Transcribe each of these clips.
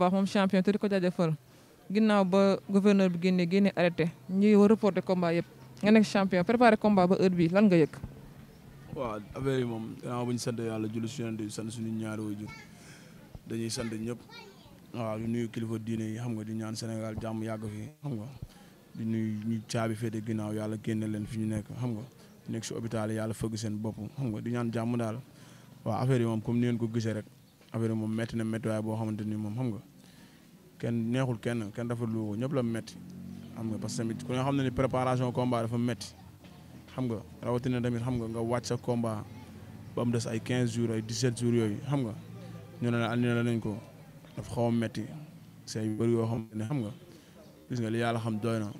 baax moom champion te di ko jaajëfal ginnaaw ba gouverneur bi génne génne arrêté ñuy war reporté combat yëpp nga nekk champion préparé combat ba heure lan nga yëg. waa affaire yi moom gannaaw bu yàlla julli si yéen di sant suñu ñaari waajur dañuy sant ñëpp waaw di nuyu kilifa diine yi xam nga di ñaan Sénégal jàmm yàgg fi xam nga di nuyu ñu caabi féete ginnaaw yàlla génne leen fi ñu nekk xam nga nekk si hôpital yàlla fëgg seen bopp di ñaan jàmm daal waa affaire yi moom comme ni ngeen ko gisee rek affaire yi moom métti na méttiwaay boo xamante ni moom xam nga kenn neexul kenn kenn dafa lu ñëpp la metti xam nga parce que tamit ku nga xam ne ni nga rawatina tamit xam nga nga wàcc sa combat ba mu des ay 15 jours ay 17 jours yooyu xam nga ñu ne la annulé ko dafa xaw a metti say bëri yoo xam ne xam nga gis nga li yàlla xam doy na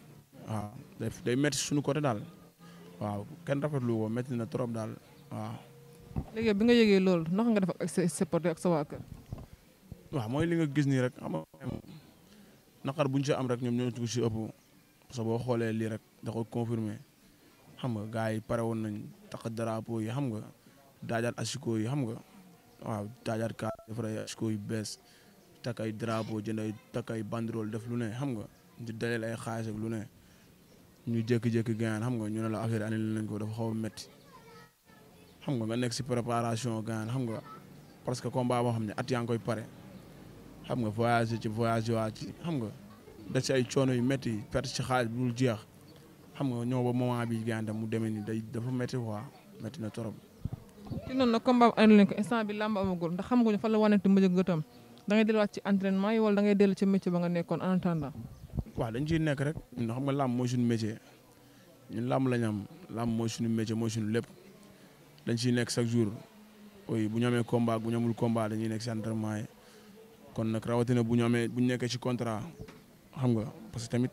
waaw day day metti suñu côté daal waaw kenn rafetlu ko metti na trop daal waaw. léegi bi nga yëgee loolu naka nga def ak sa supporter mooy li nga gis nii rek naqar bu ñu si am rek ñoom ñoo ci ëpp parce que boo xoolee lii rek da ko confirmé xam nga gars yi pare woon nañ tax drapeau yi xam nga daajaat asiko yi xam nga waaw daajaat kaar defar ay asiko yu bees takk ay drapeau jënd ay takk ay banderole def lu ne xam nga di daleel ay xaalis ak lu ne ñu jékki-jékki gaañ xam nga ñu ne la affaire annulé nañ ko dafa xaw a métti xam nga nga nekk si préparation gaañ xam nga parce que combat boo xam ne at yaa ngi koy pare. xam nga voyagé ci voyagé waa ci xam nga da ci ay coono yu métti perte ci xaalis bu jeex xam nga ñoo ba moment bi gàncax mu demee nii day dafa métti waa métti na torop ci noonu nag combat bi annulé ko instant làmb amagul ndax xam nga fan la wanante mbëjëg gëtam da ngay delluwaat ci entraînement yi wala da ngay dellu ci métier ba nga nekkoon en attendant. waaw dañ ciy nekk rek ñun xam nga làmb mooy suñu métier ñun làmb lañ am làmb mooy suñu métier mooy suñu lépp dañ ciy nekk chaque jour ooy bu ñu amee bu ñamul amul combat dañuy nekk ci entraînement yi kon nag rawatina bu ñu amee bu ñu nekkee ci contrat xam nga parce que tamit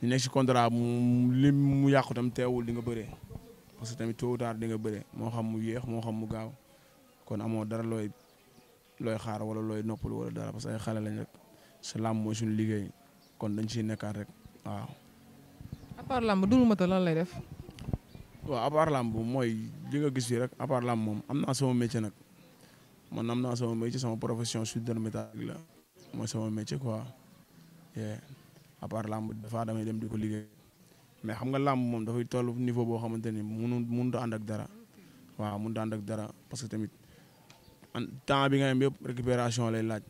ñu nekk ci contra mu li mu yàqu tam teewul di nga bëree parce que tamit tôt ou di nga bëree moo xam mu yéex moo xam mu gaaw kon amoo dara looy looy xaar wala looy noppalu wala dara parce que ay xale lañ rek sa làmb mooy suñu liggéey kon dañ ciy nekkaat rek waaw. à part làmb Double Moteur lan lay def. waaw à part nga gis fii rek à moom am naa sama métier nag. man am naa sama métier sama profession soudeur métallique la mooy sama métier quoi et à part làmb des damay dem di ko liggéey mais xam nga làmb moom dafay toll niveau boo xamante ni munu mënut ànd ak dara waaw mënut a ak dara parce que tamit temps bi nga am yëpp récupération lay laaj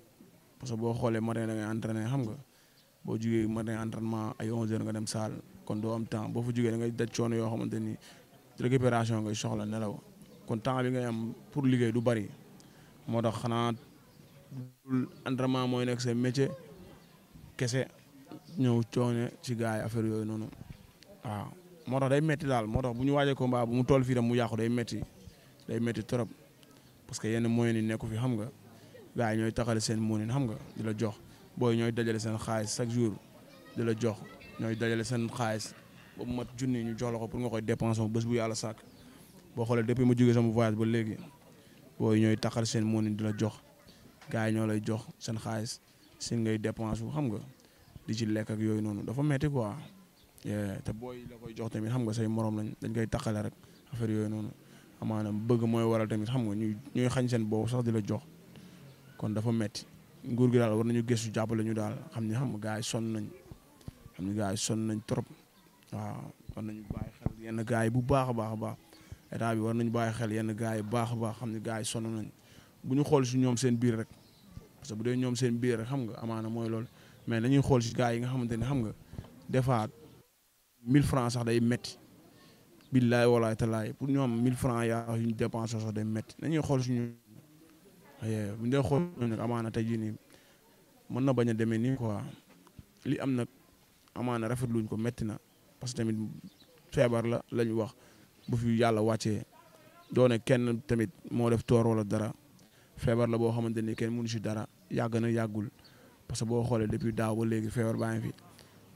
parce que boo xoolee matin da ngay entraîné xam nga boo jugee matin entraînement ay 11h nga dem salle kon doo am temps boo fa jugee da ngay daj coono yoo xamante ni récupération ngay soxla nelaw kon temps bi nga am pour liggéey du bari. moo tax xanaa entraînement mooy nekk seen métier kese ñëw coone ci gars yi affaire yooyu noonu waaw moo tax day metti daal moo tax bu ñu waajee combat bu mu toll fii dem mu yàqu day metti day metti trop parce que yenn moyen yi nekku fi xam nga gars yi ñooy taxale seen moonin xam nga di la jox boo ñooy dajale seen xaalis chaque jour di la jox ñooy dajale seen xaalis ba mu mat junni ñu jox la ko pour nga koy dépenser bés bu yàlla sàkk boo xoolee depuis mu jógee sama voyage ba léegi booy ñooy taxal seen moni di la jox gars yi ñoo lay jox seen xaalis seen ngay dépense wu xam nga di ci lekk ak yooyu noonu dafa metti quoi te booy la koy jox tamit xam nga say morom lañ dañ koy taxale rek affaire yooyu noonu amaanaam bëgg mooy waral tamit xam nga ñuy ñuy xañ seen boobu sax di la jox kon dafa metti nguur gi daal war nañu gëstu jàppale ñu daal xam ne xam nga gars yi sonn nañ xam ne gars yi nañ trop waaw war nañu bàyyi xel yenn gaa yi bu baax a baax a baax état bi war nañu bàyyi xel yenn gars yi baax a baax xam ne gars yi sonn nañ bu ñu xool si ñoom seen biir rek parce bu dee ñoom seen biir rek xam nga amaana mooy lool mais dañuy xool si gars yi nga xamante ne xam nga des fois 1000 francs sax day métti billaay walaay talaay pour ñoom 1000 francs yaa ñu dépensé sax day métti nañuy xool si ñoom bu ñu dee xool ñoom nag amaana tey jii nii mën na bañ a demee nii quoi li am nag amaana luñ ko métti na parce que tamit feebar la lañu wax. bu fi yàlla wàccee doone kenn tamit moo def toor wala dara feebar la boo xamante ni kenn mënu si dara yàgg na yàggul parce que boo xoolee depuis daaw ba léegi feebar baa ngi fi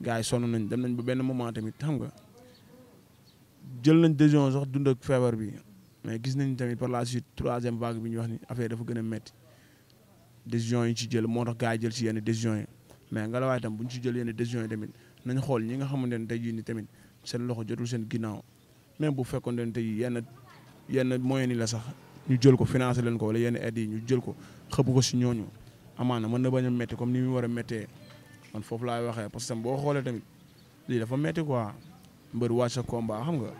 gars yi sonn nañ dem nañ ba benn moment tamit xam nga jël nañ décision sax dund ak feebar bi mais gis nañ tamit par la suite troisième vague bi ñu wax ni affaire dafa gën a métti décision yi ci jël moo tax gars yi jël si yenn décision yi mais nga la waaye tam bu ñu si jël yenn décision yi tamit nañ xool ñi nga xamante ne tey jii nii tamit seen loxo jotul seen ginnaaw même bu fekkoon ne tey yenn yenn moyens yi la sax ñu jël ko financé leen ko wala yenn aides yi ñu jël ko xëpp ko si ñooñu amaana mën na bañ a kom comme ni mu war a méttee man foofu laay waxee parce que boo xoolee tamit lii dafa métti quoi mbër wàcc sa xam nga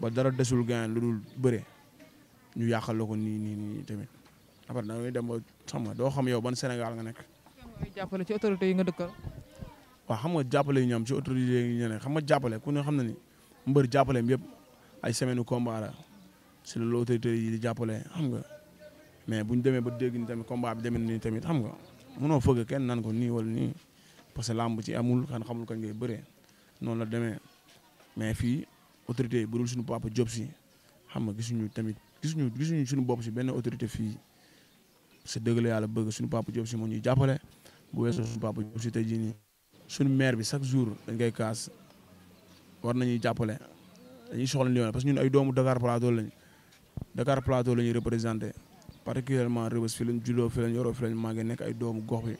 ba dara desul gain lu dul bëre ñu yàqal ko nii nii tamit après da ngay dem ba xam nga doo xam yow ban Sénégal nga nekk. jàppale ci autorité nga dëkkal. xam nga jàppale yi ñoom ci autorité yi ñu xam nga jàppale ku ne xam na ni mbër jàppaleem yëpp ay semaine combat la si la autorité di jàppale xam nga mais bu ñu demee ba dégg ni tamit combat bi demee nii tamit xam nga mënoo fëgg kenn nan ko nii wala nii parce que làmb ci amul kan xamul kañ ngay bëree noonu la demee mais fii autorité yi bu dul suñu papa Diop si xam nga gisuñu tamit gisuñu gisuñu suñu bopp si benn autorité fii c'est dëgg la yàlla bëgg suñu papa Diop si moo ñuy jàppale bu weesoo suñu papa Diop si tey jii nii suñu maire bi chaque jour dañ koy kaas war nañuy jàppale. dañuy soxla Lions parce que ñun ay doomu Dakar Plateau lañ Dakar Plateau la ñuy représenté particulièrement Rebeuss fi lañ juddoo fi lañ yoroo fi lañ màggee nekk ay doomu gox bi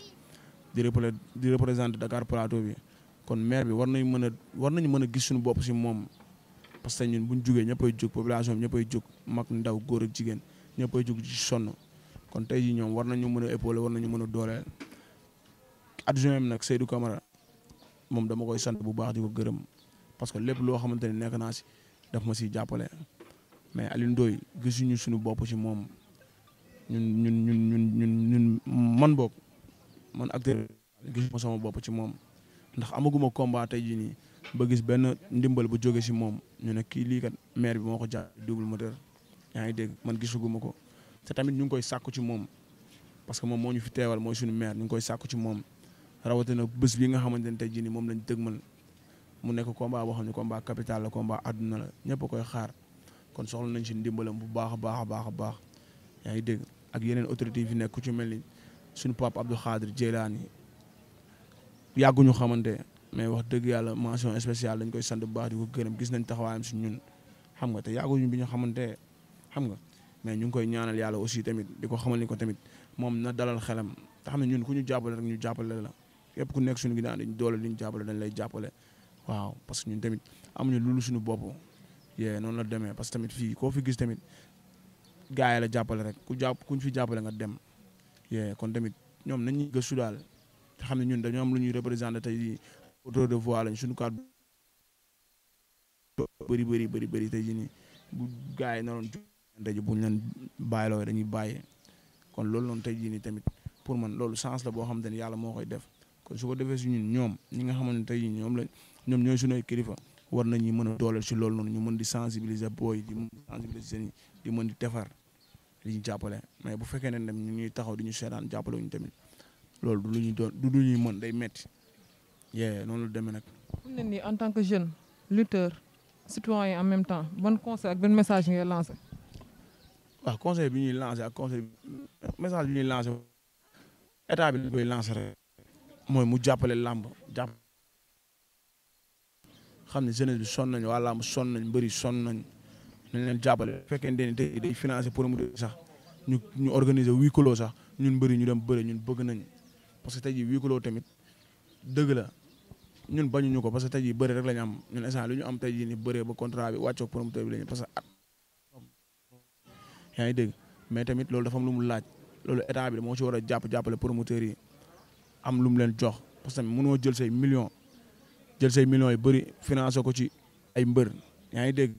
di repre di représenté Dakar Plateau bi kon maire bi war nañ mën a war nañ mën a gis suñu bopp si moom parce que ñun bu ñu jugee ñëppay jóg population bi ñëppay jóg mag ndaw góor ak jigéen ñëppay jóg ci sonn kon tey jii ñoom war nañu mën a épauler war nañu mën a dooleel adjoint am nag Seydou Camara moom dama koy sant bu baax di ko gërëm parce que lépp loo xamante ni nekk naa si daf ma siy jàppale mais Alioune Ndoye gisuñu suñu bopp ci moom ñun ñun ñun ñun ñun ñun man boog man acteur gis ma sama bopp ci moom ndax amaguma combat tey jii nii ba gis benn ndimbal bu jóge si moom ñu ne kii lii kat maire bi moo ko jàpp double moteur yaa ngi dégg man gisuguma ko te tamit ñu ngi koy sàkku ci moom parce que moom moo ñu fi teewal mooy suñu maire ñu ngi koy sàkku ci moom rawatina bës bi nga xamante ne tey jii nii moom lañ dëgmal mu nekk combat boo xam ne baa capital la baa àdduna la ñëpp koy xaar kon soxla nañ si ndimbalam bu baax a baax a baax baax yaa ngi dégg ak yeneen autorités yi fi nekk ci mel ni suñu pape Abdou Khadir Jeylaani yàgguñu xamante mais wax dëgg yàlla mention spéciale dañ koy sant bu baax di ko gërëm gis nañ taxawaayam si ñun xam nga te yàgguñu bi ñu xamante xam nga mais ñu ngi koy ñaanal yàlla aussi tamit di ko xamal ni ko tamit moom na dalal xelam te xam ñun ku ñu jàppale rek ñu jàppale la képp ku nekk suñu ginnaaw dañ doole li ñu jàppale dañ lay jàppale waaw parce que ñun tamit am amuñu lu suñu bopp yee noonu la demee parce que tamit fii koo fi gis tamit gars yi la jàppale rek ku jàpp kuñ fi jàppale nga dem yee kon tamit ñoom nañu gëstu daal te xam ne ñun dañoo am lu ñuy représenté tey auteur de voix lañ suñu kàddu bëri bëri bëri bëri tey jii nii bu gars yi naroon daje buñ leen bàyyiloo dañuy bàyyi kon loolu noonu tey jii nii tamit pour man loolu chance la boo xam ne yàlla moo koy def kon su ko defee si ñun ñoom ñi nga xamante ne tey ñoom la ñoom ñooy suñu ay kilifa war nañu mën a dooleel si loolu noonu ñu mën di sensibiliser booy di mën di sensibiliser seen di mën ñu jàppale mais bu fekkee ne dem ñu taxaw di ñu seetaan jàppale ñu tamit loolu du lu ñuy doon du lu ñuy mën day metti yee noonu la demee nag. fu ne nii en tant que jeune lutteur citoyen en même temps ban conseil ak ban message ngay lancé. waaw conseil bi ñuy lancé ak conseil message bi ñuy lancé état bi la koy mooy mu jàppale làmb jàpp xam ne jeunesse bi sonn nañ waa làmb sonn nañ mbëri sonn nañ nañ leen jàppale bu fekkee ne day day financé promoteur sax ñu ñu organiser huis clos sax ñun mbëri ñu dem bëri ñun bëgg nañ parce que tey jii huis clos tamit dëgg la ñun bañuñu ko parce que tey jii bëri rek la ñu am ñun lu ñu am tey jii ni bëree ba contrat bi wàccoog promoteur bi la ñu parce que at yaa ngi dégg mais tamit loolu dafa am lu mu laaj loolu état bi moo ci war a jàpp jàppale promoteurs yi am lu mu leen jox parce que mënoo jël say millions jël say millions yu bëri financé ko ci ay mbër yaa ngi dégg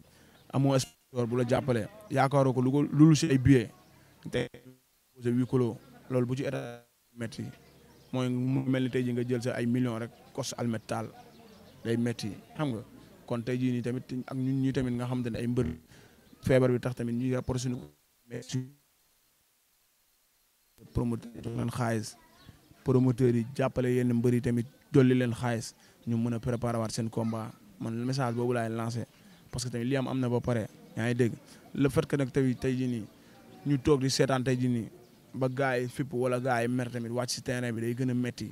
amoo sponsor bu la jàppale yaakaaroo ko lu ko si ay billets te posé huis clos loolu bu ci état métti mooy mu mel ni tey ji nga jël sa ay millions rek kos almet taal day métti xam nga kon tey jii nii tamit ak ñun ñi tamit nga xam ne ay mbër feebar bi tax tamit ñuy rapport suñu mais promoteur jox xaalis promoteurs yi jàppale yenn mbër yi tamit dolli leen xaalis ñu mën a préparer waat seen combat man message boobu laay lancé parce que tamit li am am na ba pare yaa ngi dégg le fait que nag tey tey jii nii ñu toog di seetaan tey nii ba gars yi fipp wala gars yi mer tamit wàcc si terrain bi day gën a métti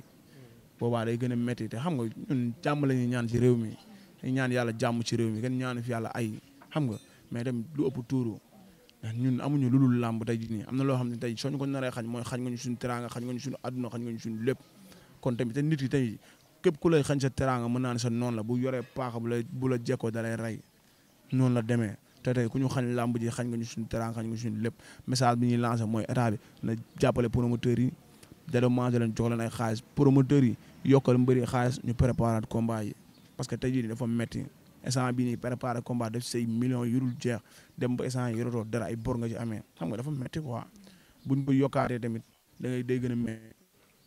boobaa day gën a te xam nga ñun jàmm la ñuy ñaan ci réew mi ñaan yàlla jàmm ci réew mi kenn ñaanu fi yàlla ay xam nga mais tamit lu ëpp tuuru ndax ñun amuñu lu dul làmb tey jii nii am na loo xam ne tey soo ñu ko naree xañ mooy xañ nga ñu suñu teraanga xañ nga ñu suñu àdduna xañ nga ñu suñu lépp képp ku lay xañ sa teraanga mën naa ne sa noonu la bu yoree paaxa bu la bu la noonu la demee te tey ku ñu xañ làmb ji xañ nga ñu suñu teraanga xañ nga ñu suñu lépp message bi ñuy lancé mooy état bi na jàppale promoteurs yi dédommagé leen jox leen ay xaalis promoteurs yi yokkal mbëri xaalis ñu préparat combat yi parce que tey jii dafa metti essant bi nii préparé combat def say millions yurul jeex dem ba instant yi yorotoo dara ay bor nga ci amee xam nga dafa métti quoi buñ ko yokkaatee tamit da ngay day gën a métti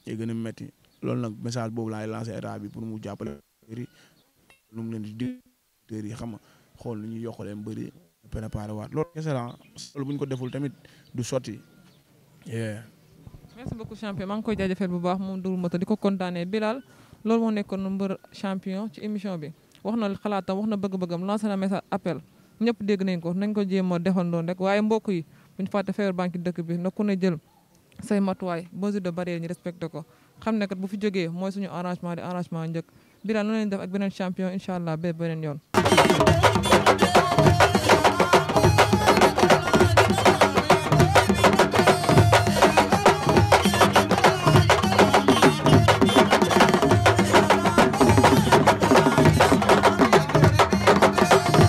day gën a métti loolu nag message boobu laay lancé état bi pour mu jàppale mbëri mu leen di directeur yi xam nga xool lu ñuy yokkalee mbëri préparé waat loolu kese la loolu buñ ko deful tamit du sotti merci beaucoup champion maa ngi koy jaajëfal bu baax moom Double Moteur di ko kontaanee Bilal loolu moo nekkoon mbër champion ci émission bi wax na xalaatam wax na bëgg-bëggam lancé na message appel ñëpp dégg nañ ko nañ ko jéem a defandoon rek waaye mbokk yi buñ fàtte feebar banque dëkk bi na ku ne jël say matuwaay mesure de barrière ñu respecté ko xam ne kat bu fi jógee mooy suñu arrangement di arrangement njëkk bilan la leen def ak beneen champion incha allah ba beneen yoon